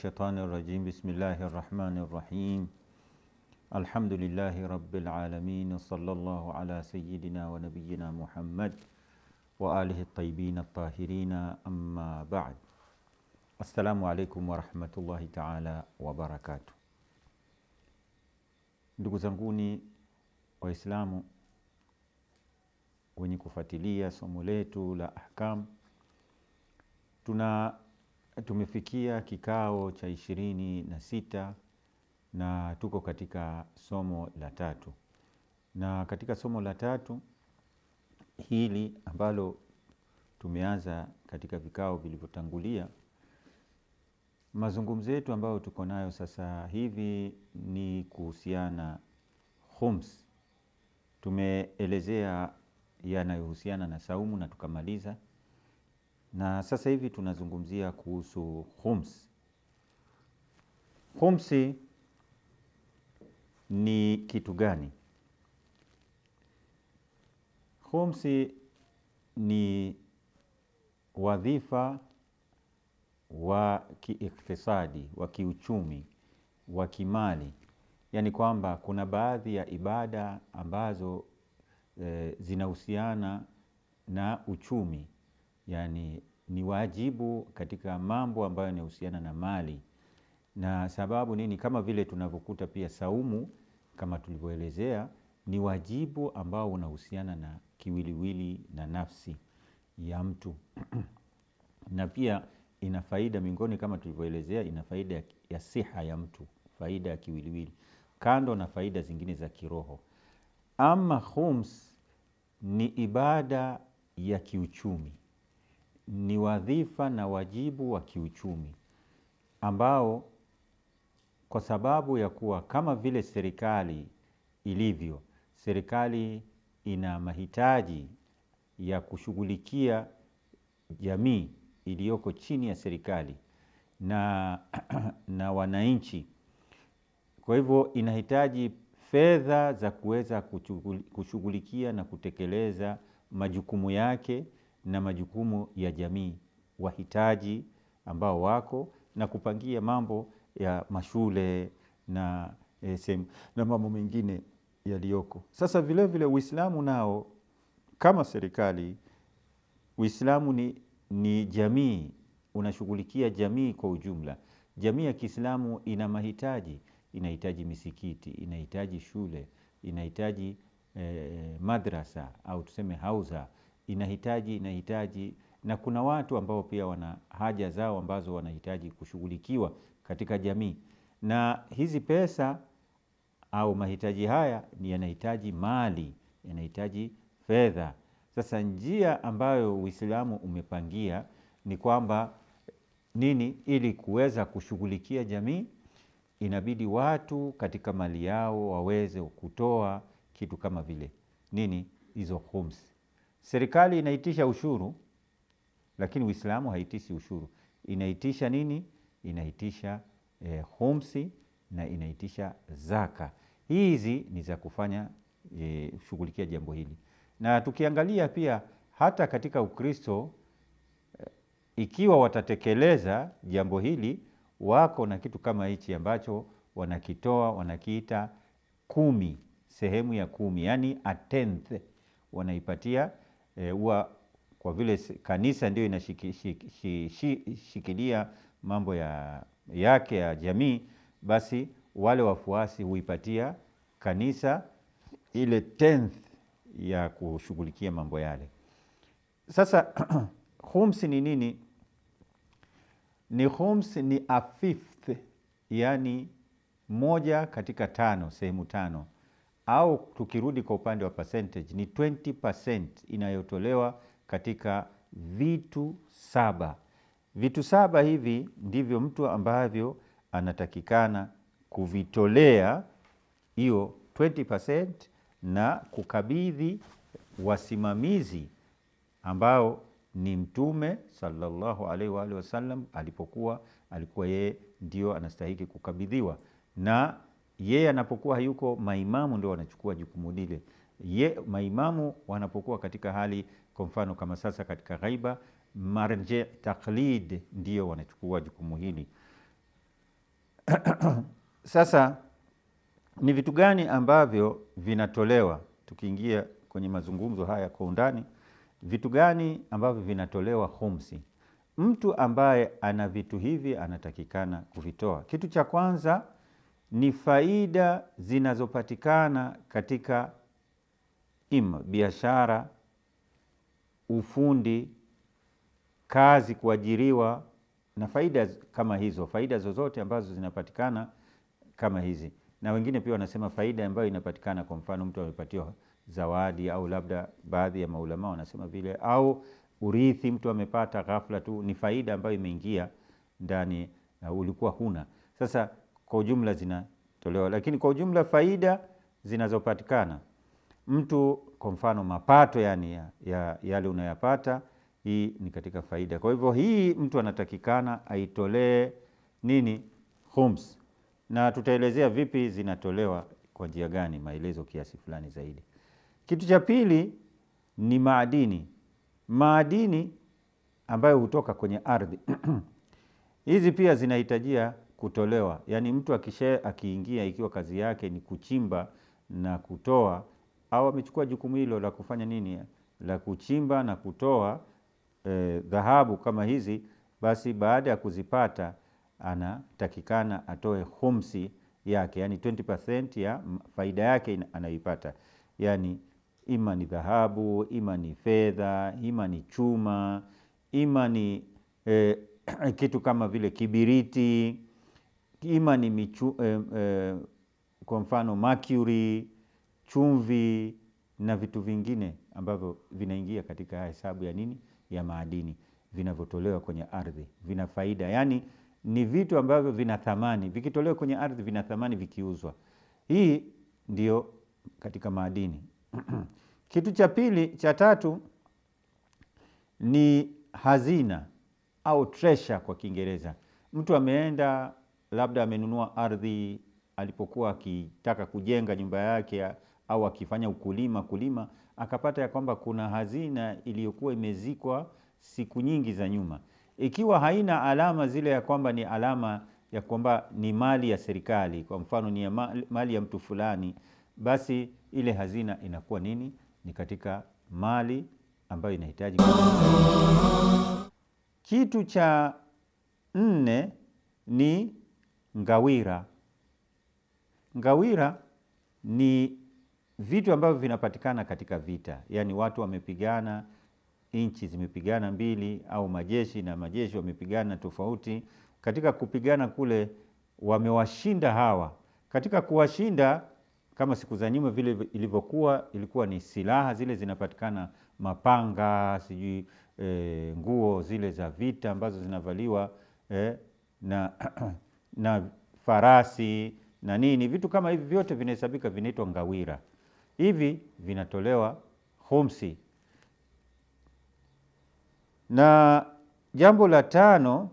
shaitani rajim. Bismillahi rahmani rahim. Alhamdulillahi rabbil alamin. Sallallahu ala sayyidina wa nabiyyina Muhammad wa alihi tayyibina tahirina, amma ba'd. Assalamu alaikum warahmatullahi taala wabarakatuh. Ndugu zanguni Waislamu wenye kufuatilia somo letu la ahkam, tuna Tumefikia kikao cha ishirini na sita na tuko katika somo la tatu, na katika somo la tatu hili ambalo tumeanza katika vikao vilivyotangulia, mazungumzo yetu ambayo tuko nayo sasa hivi ni kuhusiana khums. Tumeelezea yanayohusiana na saumu na tukamaliza na sasa hivi tunazungumzia kuhusu khums. Khumsi ni kitu gani? Khumsi ni wadhifa wa kiiktisadi, wa kiuchumi, wa kimali, yaani kwamba kuna baadhi ya ibada ambazo e, zinahusiana na uchumi yani ni wajibu katika mambo ambayo yanahusiana na mali. Na sababu nini? Kama vile tunavyokuta pia saumu, kama tulivyoelezea, ni wajibu ambao unahusiana na kiwiliwili na nafsi ya mtu na pia ina faida miongoni, kama tulivyoelezea, ina faida ya siha ya mtu, faida ya kiwiliwili, kando na faida zingine za kiroho. Ama khums ni ibada ya kiuchumi ni wadhifa na wajibu wa kiuchumi ambao kwa sababu ya kuwa kama vile serikali ilivyo, serikali ina mahitaji ya kushughulikia jamii iliyoko chini ya serikali na, na wananchi. Kwa hivyo inahitaji fedha za kuweza kushughulikia na kutekeleza majukumu yake na majukumu ya jamii, wahitaji ambao wako na kupangia mambo ya mashule na e, sehemu na mambo mengine yaliyoko. Sasa vilevile Uislamu nao kama serikali, Uislamu ni, ni jamii, unashughulikia jamii kwa ujumla. Jamii ya Kiislamu ina mahitaji, inahitaji misikiti, inahitaji shule, inahitaji eh, madrasa au tuseme hauza inahitaji inahitaji, na kuna watu ambao pia wana haja zao ambazo wanahitaji kushughulikiwa katika jamii, na hizi pesa au mahitaji haya ni yanahitaji mali, yanahitaji fedha. Sasa njia ambayo Uislamu umepangia ni kwamba nini, ili kuweza kushughulikia jamii inabidi watu katika mali yao waweze kutoa kitu kama vile nini, hizo khums Serikali inaitisha ushuru, lakini Uislamu haitishi ushuru. Inaitisha nini? Inaitisha e, eh, humsi na inaitisha zaka. Hizi ni za kufanya e, eh, shughulikia jambo hili, na tukiangalia pia hata katika Ukristo eh, ikiwa watatekeleza jambo hili, wako na kitu kama hichi ambacho wanakitoa wanakiita kumi, sehemu ya kumi, yani a tenth wanaipatia Eh, huwa e, kwa vile kanisa ndio inashikilia shiki, shiki, mambo ya, yake ya jamii, basi wale wafuasi huipatia kanisa ile tenth ya kushughulikia mambo yale. Sasa khums ni nini? Ni khums ni a fifth, yani moja katika tano, sehemu tano au tukirudi kwa upande wa percentage ni 20% inayotolewa katika vitu saba. Vitu saba hivi ndivyo mtu ambavyo anatakikana kuvitolea hiyo 20% na kukabidhi wasimamizi ambao ni Mtume sallallahu alaihi wa alihi wasallam alipokuwa alikuwa yeye ndio anastahiki kukabidhiwa na yeye anapokuwa hayuko, maimamu ndio wanachukua jukumu lile. Ye, maimamu wanapokuwa katika hali, kwa mfano kama sasa katika ghaiba, marje taklid ndio wanachukua jukumu hili. Sasa ni vitu gani ambavyo vinatolewa? Tukiingia kwenye mazungumzo haya kwa undani, vitu gani ambavyo vinatolewa khumsi? Mtu ambaye ana vitu hivi anatakikana kuvitoa. Kitu cha kwanza ni faida zinazopatikana katika ima biashara, ufundi, kazi, kuajiriwa na faida kama hizo, faida zozote ambazo zinapatikana kama hizi. Na wengine pia wanasema faida ambayo inapatikana, kwa mfano mtu amepatiwa zawadi, au labda baadhi ya maulama wanasema vile, au urithi mtu amepata ghafla tu, ni faida ambayo imeingia ndani, uh, ulikuwa huna sasa kwa ujumla zinatolewa, lakini kwa ujumla faida zinazopatikana mtu, kwa mfano mapato yani ya, ya, yale unayapata, hii ni katika faida. Kwa hivyo hii mtu anatakikana aitolee nini khums, na tutaelezea vipi zinatolewa kwa njia gani, maelezo kiasi fulani zaidi. Kitu cha pili ni maadini, maadini ambayo hutoka kwenye ardhi hizi pia zinahitajia kutolewa, yaani mtu akisha akiingia, ikiwa kazi yake ni kuchimba na kutoa, au amechukua jukumu hilo la kufanya nini, la kuchimba na kutoa e, dhahabu kama hizi, basi baada ya kuzipata anatakikana atoe khumsi yake, yani 20% ya faida yake anayoipata, yani ima ni dhahabu, ima ni fedha, ima ni chuma, ima ni e, kitu kama vile kibiriti ima ni michu, eh, eh, kwa mfano mercury, chumvi na vitu vingine ambavyo vinaingia katika hesabu ya nini ya maadini vinavyotolewa kwenye ardhi vina faida, yaani ni vitu ambavyo vina thamani, vikitolewa kwenye ardhi vina thamani vikiuzwa. Hii ndio katika maadini. Kitu cha pili cha tatu ni hazina au treasure kwa Kiingereza. Mtu ameenda labda amenunua ardhi alipokuwa akitaka kujenga nyumba yake au akifanya ukulima kulima, akapata ya kwamba kuna hazina iliyokuwa imezikwa siku nyingi za nyuma, ikiwa haina alama zile ya kwamba ni alama ya kwamba ni mali ya serikali, kwa mfano ni ya mali ya mtu fulani, basi ile hazina inakuwa nini? Ni katika mali ambayo inahitaji. Kitu cha nne ni ngawira. Ngawira ni vitu ambavyo vinapatikana katika vita, yaani watu wamepigana, nchi zimepigana mbili au majeshi na majeshi wamepigana tofauti. Katika kupigana kule wamewashinda hawa, katika kuwashinda kama siku za nyuma vile ilivyokuwa, ilikuwa ni silaha zile zinapatikana, mapanga, sijui e, nguo zile za vita ambazo zinavaliwa e, na na farasi na nini, vitu kama hivi vyote vinahesabika, vinaitwa ngawira. Hivi vinatolewa humsi Na jambo la tano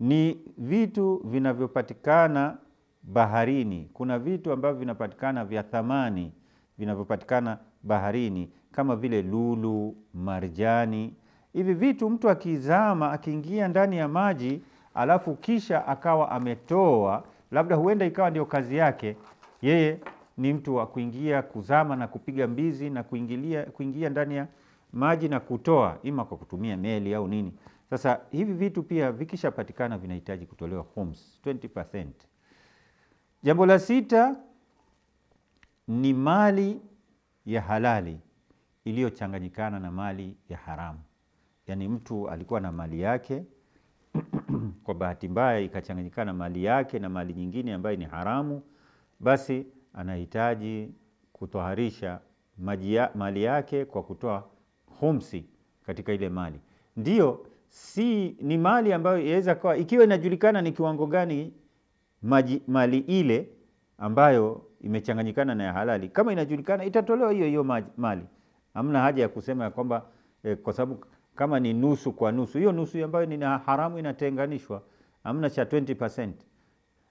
ni vitu vinavyopatikana baharini. Kuna vitu ambavyo vinapatikana vya thamani vinavyopatikana baharini kama vile lulu, marjani. Hivi vitu mtu akizama, akiingia ndani ya maji alafu kisha akawa ametoa, labda huenda ikawa ndio kazi yake yeye ni mtu wa kuingia kuzama na kupiga mbizi na kuingilia, kuingia ndani ya maji na kutoa, ima kwa kutumia meli au nini. Sasa hivi vitu pia vikishapatikana vinahitaji kutolewa homs 20%. Jambo la sita ni mali ya halali iliyochanganyikana na mali ya haramu, yaani mtu alikuwa na mali yake kwa bahati mbaya ikachanganyikana mali yake na mali nyingine ambayo ni haramu, basi anahitaji kutoharisha mali yake kwa kutoa humsi katika ile mali. Ndiyo, si ni mali ambayo inaweza kuwa ikiwa inajulikana ni kiwango gani maji, mali ile ambayo imechanganyikana na ya halali, kama inajulikana itatolewa hiyo hiyo mali, hamna haja ya kusema ya kwamba eh, kwa sababu kama ni nusu kwa nusu, hiyo nusu ambayo ni haramu inatenganishwa, amna cha 20%.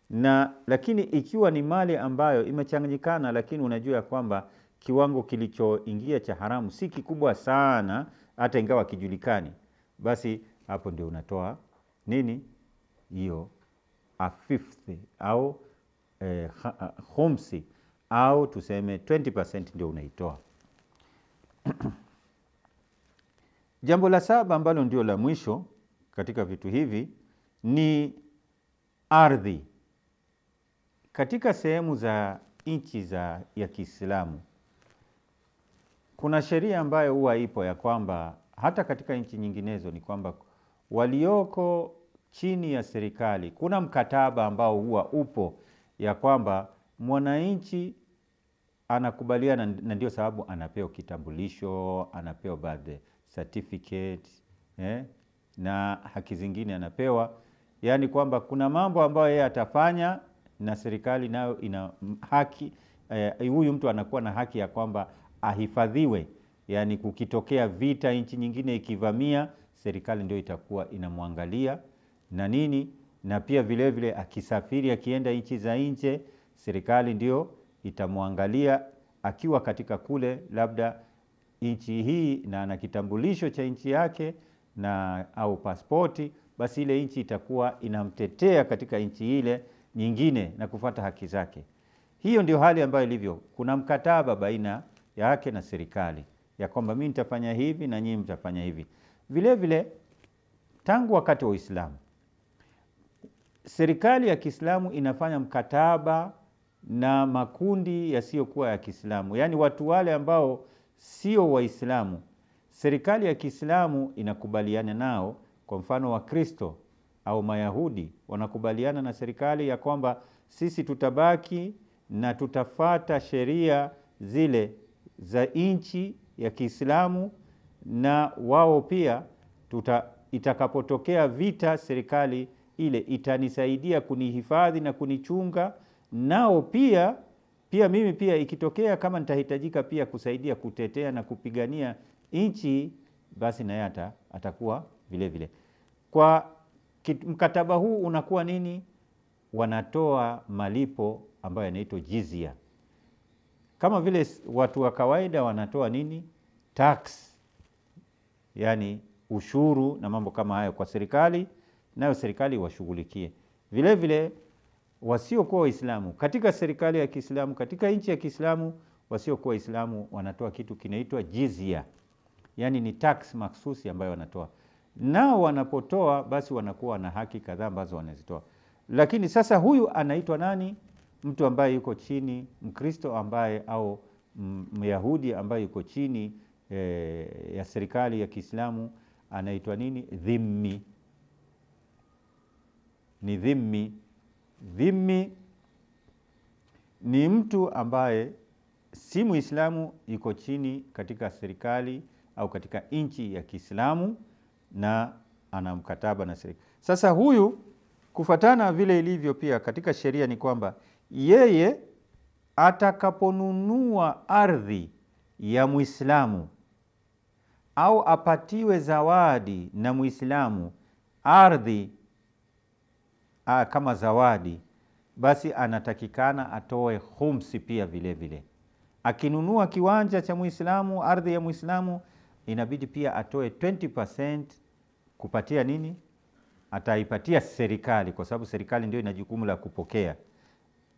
Na lakini ikiwa ni mali ambayo imechanganyikana, lakini unajua ya kwamba kiwango kilichoingia cha haramu si kikubwa sana, hata ingawa kijulikani, basi hapo ndio unatoa nini hiyo a fifth au eh, khumsi au tuseme 20% ndio unaitoa Jambo la saba ambalo ndio la mwisho katika vitu hivi ni ardhi. Katika sehemu za nchi za ya Kiislamu kuna sheria ambayo huwa ipo ya kwamba hata katika nchi nyinginezo ni kwamba walioko chini ya serikali kuna mkataba ambao huwa upo ya kwamba mwananchi anakubaliana, na ndio sababu anapewa kitambulisho, anapewa birth certificate eh, na haki zingine anapewa, yaani kwamba kuna mambo ambayo yeye atafanya na serikali nayo ina haki eh, huyu mtu anakuwa na haki ya kwamba ahifadhiwe, yaani kukitokea vita, nchi nyingine ikivamia, serikali ndio itakuwa inamwangalia na nini, na pia vile vile akisafiri, akienda nchi za nje, serikali ndio itamwangalia akiwa katika kule labda nchi hii na ana kitambulisho cha nchi yake na au pasipoti, basi ile nchi itakuwa inamtetea katika nchi ile nyingine na kufuata haki zake. Hiyo ndio hali ambayo ilivyo. Kuna mkataba baina yake na serikali ya kwamba mimi nitafanya hivi na nyinyi mtafanya hivi. Vile vile tangu wakati wa Uislamu serikali ya Kiislamu inafanya mkataba na makundi yasiyokuwa ya Kiislamu, yaani watu wale ambao sio Waislamu, serikali ya Kiislamu inakubaliana nao. Kwa mfano, Wakristo au Mayahudi wanakubaliana na serikali ya kwamba sisi tutabaki na tutafata sheria zile za nchi ya Kiislamu, na wao pia tuta, itakapotokea vita, serikali ile itanisaidia kunihifadhi na kunichunga, nao pia pia mimi pia ikitokea kama nitahitajika pia kusaidia kutetea na kupigania nchi, basi naye ata, atakuwa vile vile. Kwa kit, mkataba huu unakuwa nini? Wanatoa malipo ambayo yanaitwa jizia, kama vile watu wa kawaida wanatoa nini, tax, yani ushuru na mambo kama hayo kwa serikali, nayo serikali washughulikie vile vile wasiokuwa Waislamu katika serikali ya Kiislamu, katika nchi ya Kiislamu, wasiokuwa Waislamu wanatoa kitu kinaitwa jizia, yani ni tax maksusi ambayo wanatoa, nao wanapotoa basi wanakuwa na haki kadhaa ambazo wanazitoa. Lakini sasa huyu anaitwa nani? Mtu ambaye yuko chini, Mkristo ambaye au Myahudi ambaye yuko chini e, ya serikali ya Kiislamu anaitwa nini? Dhimmi, ni dhimmi dhimmi ni mtu ambaye si Muislamu, yuko chini katika serikali au katika nchi ya Kiislamu na ana mkataba na serikali. Sasa huyu kufatana vile ilivyo pia katika sheria ni kwamba yeye atakaponunua ardhi ya Muislamu au apatiwe zawadi na Muislamu ardhi a, kama zawadi, basi anatakikana atoe khumsi pia vile vile. Akinunua kiwanja cha Muislamu, ardhi ya Muislamu, inabidi pia atoe 20% kupatia nini? Ataipatia serikali, kwa sababu serikali ndio ina jukumu la kupokea.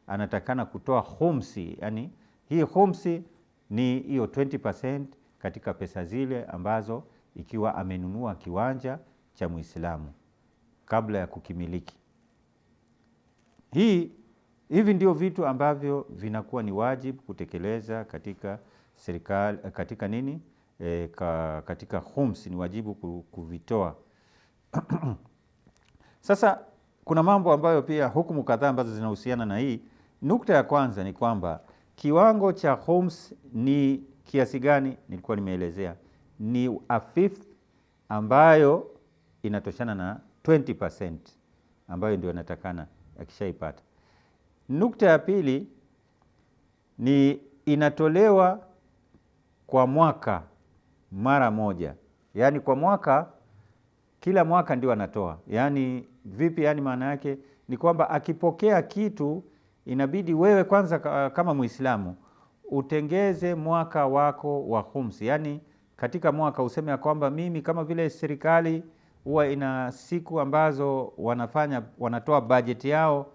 Anatakana kutoa khumsi, yani hii khumsi ni hiyo 20% katika pesa zile ambazo ikiwa amenunua kiwanja cha Muislamu kabla ya kukimiliki. Hii hivi ndio vitu ambavyo vinakuwa ni wajibu kutekeleza katika serikali, katika nini e, ka, katika khums ni wajibu kuvitoa. Sasa kuna mambo ambayo pia hukumu kadhaa ambazo zinahusiana na hii. Nukta ya kwanza ni kwamba kiwango cha khums ni kiasi gani? Nilikuwa nimeelezea ni a fifth ambayo inatoshana na 20% ambayo ndio inatakana akishaipata. Nukta ya pili ni inatolewa kwa mwaka mara moja, yaani kwa mwaka, kila mwaka ndio anatoa. Yaani vipi? Yaani maana yake ni kwamba akipokea kitu inabidi wewe kwanza kama Muislamu utengeze mwaka wako wa khumsi, yaani katika mwaka useme ya kwamba mimi kama vile serikali huwa ina siku ambazo wanafanya wanatoa bajeti yao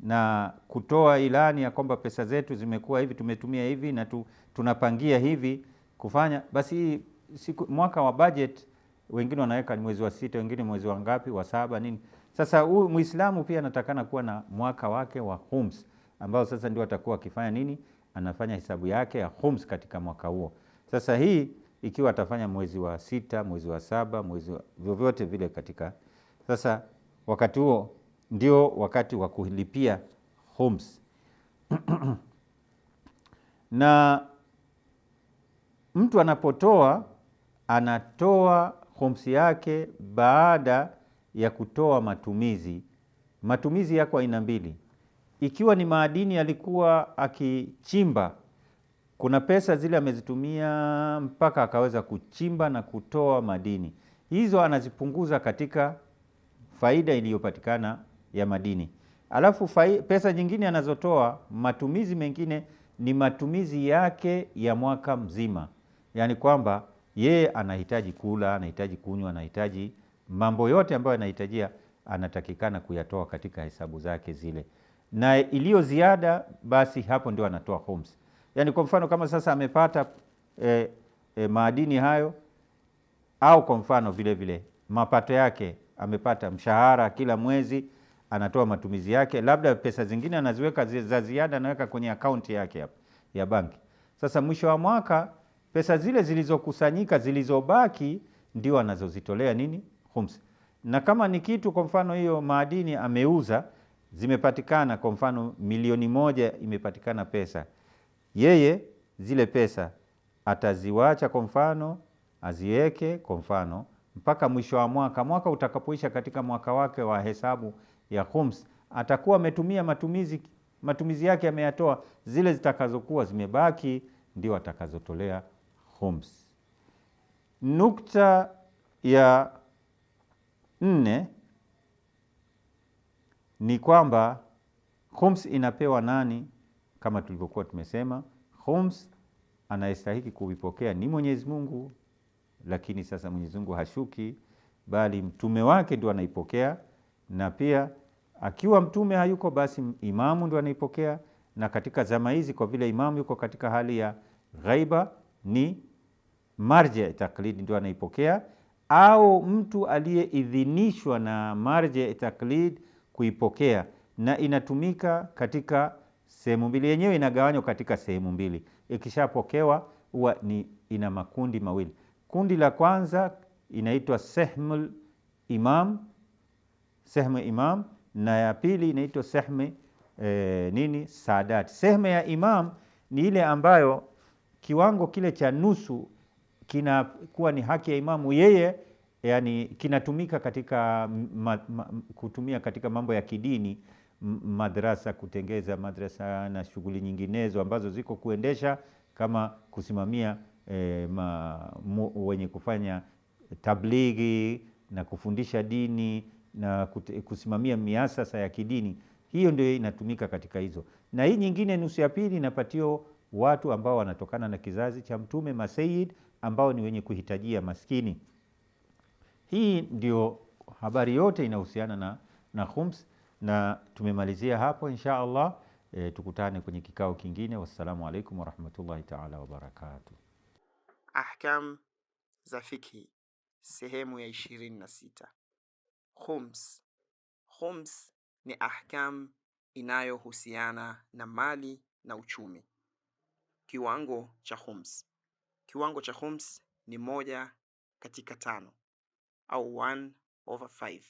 na kutoa ilani ya kwamba pesa zetu zimekuwa hivi, tumetumia hivi na tu, tunapangia hivi kufanya basi. Siku, mwaka wa bajeti wengine wanaweka ni mwezi wa sita, wengine mwezi wa ngapi, wa saba nini. Sasa huyu Muislamu pia anatakana kuwa na mwaka wake wa Khums ambao sasa ndio atakuwa akifanya nini, anafanya hesabu yake ya Khums katika mwaka huo. Sasa hii ikiwa atafanya mwezi wa sita, mwezi wa saba, mwezi wa vyovyote vile katika sasa, wakati huo ndio wakati wa kulipia homes na mtu anapotoa anatoa homes yake baada ya kutoa matumizi. Matumizi yako aina mbili, ikiwa ni maadini alikuwa akichimba kuna pesa zile amezitumia mpaka akaweza kuchimba na kutoa madini, hizo anazipunguza katika faida iliyopatikana ya madini. Alafu fai, pesa nyingine anazotoa matumizi mengine ni matumizi yake ya mwaka mzima, yaani kwamba yeye anahitaji kula, anahitaji kunywa, anahitaji mambo yote ambayo anahitajia anatakikana kuyatoa katika hesabu zake zile, na iliyo ziada basi hapo ndio anatoa homes. Yaani kwa mfano kama sasa amepata e, e, maadini hayo au kwa mfano vile vile mapato yake amepata mshahara kila mwezi, anatoa matumizi yake, labda pesa zingine anaziweka za ziada, anaweka kwenye akaunti yake ya, ya banki. Sasa mwisho wa mwaka pesa zile zilizokusanyika zilizobaki ndio anazozitolea nini khumsa. Na kama ni kitu kwa mfano hiyo maadini ameuza, zimepatikana kwa mfano milioni moja imepatikana pesa yeye zile pesa ataziwacha kwa mfano aziweke kwa mfano mpaka mwisho wa mwaka, mwaka utakapoisha, katika mwaka wake wa hesabu ya khums atakuwa ametumia matumizi, matumizi yake ameyatoa. Zile zitakazokuwa zimebaki ndio atakazotolea khums. Nukta ya nne ni kwamba khums inapewa nani? kama tulivyokuwa tumesema, khums anayestahiki kuvipokea ni Mwenyezi Mungu, lakini sasa Mwenyezi Mungu hashuki, bali mtume wake ndio anaipokea, na pia akiwa mtume hayuko, basi imamu ndio anaipokea. Na katika zama hizi, kwa vile imamu yuko katika hali ya ghaiba, ni marje taklidi ndio anaipokea, au mtu aliyeidhinishwa na marje taklid kuipokea, na inatumika katika sehemu mbili. Yenyewe inagawanywa katika sehemu mbili, ikishapokewa huwa ni ina makundi mawili. Kundi la kwanza inaitwa sehmul imam, sehmu imam, na ya pili inaitwa sehmu e, nini sadat. Sehemu ya imam ni ile ambayo kiwango kile cha nusu kinakuwa ni haki ya imamu yeye, yani kinatumika katika ma, ma, kutumia katika mambo ya kidini madrasa, kutengeza madrasa na shughuli nyinginezo ambazo ziko kuendesha kama kusimamia e, ma, mu, wenye kufanya tablighi na kufundisha dini na kusimamia miasasa ya kidini. Hiyo ndio inatumika katika hizo, na hii nyingine nusu ya pili inapatio watu ambao wanatokana na kizazi cha Mtume masayid ambao ni wenye kuhitajia maskini. Hii ndio habari yote inahusiana na, na khums na tumemalizia hapo insha Allah. E, tukutane kwenye kikao kingine. Wassalamu alaikum warahmatullahi taala wabarakatuh. Ahkam za fikhi sehemu ya ishirini na sita. Khums. Khums ni ahkam inayohusiana na mali na uchumi. Kiwango cha khums, kiwango cha khums ni moja katika tano au 1 over 5,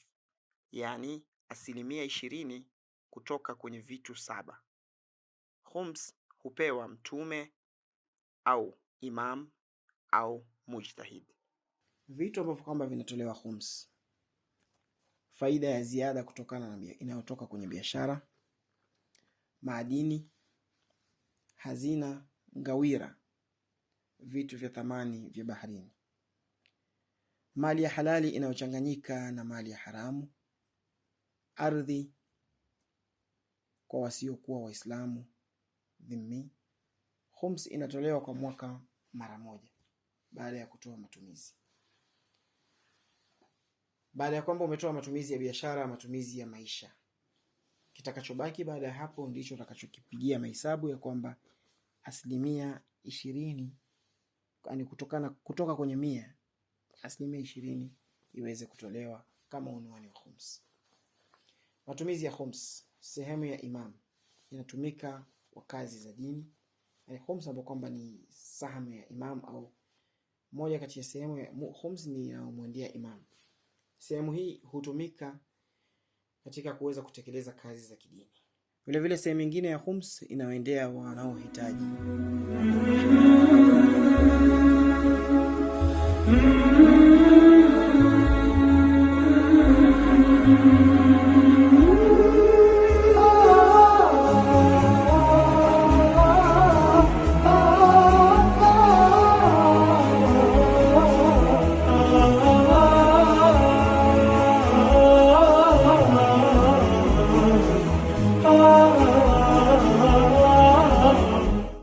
yani asilimia ishirini kutoka kwenye vitu saba. Khums hupewa mtume au imam au mujtahid. Vitu ambavyo kwamba vinatolewa khums: faida ya ziada kutokana na inayotoka kwenye biashara, maadini, hazina, ngawira, vitu vya thamani vya baharini, mali ya halali inayochanganyika na mali ya haramu ardhi kwa wasiokuwa Waislamu dhimmi. Khums inatolewa kwa mwaka mara moja baada ya kutoa matumizi. Baada ya kwamba umetoa matumizi ya biashara, matumizi ya maisha, kitakachobaki baada ya hapo ndicho utakachokipigia mahesabu ya kwamba asilimia ishirini yani kutokana kutoka kwenye mia asilimia ishirini iweze kutolewa kama unuani wa khums. Matumizi ya homs sehemu ya imam, inatumika kwa kazi za dini. Yaani homs ambapo kwamba ni sahmu ya imam au moja kati ya sehemu ya homs ni inayomwendea imam. Sehemu hii hutumika katika kuweza kutekeleza kazi za kidini. Vilevile sehemu nyingine ya homs inawaendea wanaohitaji.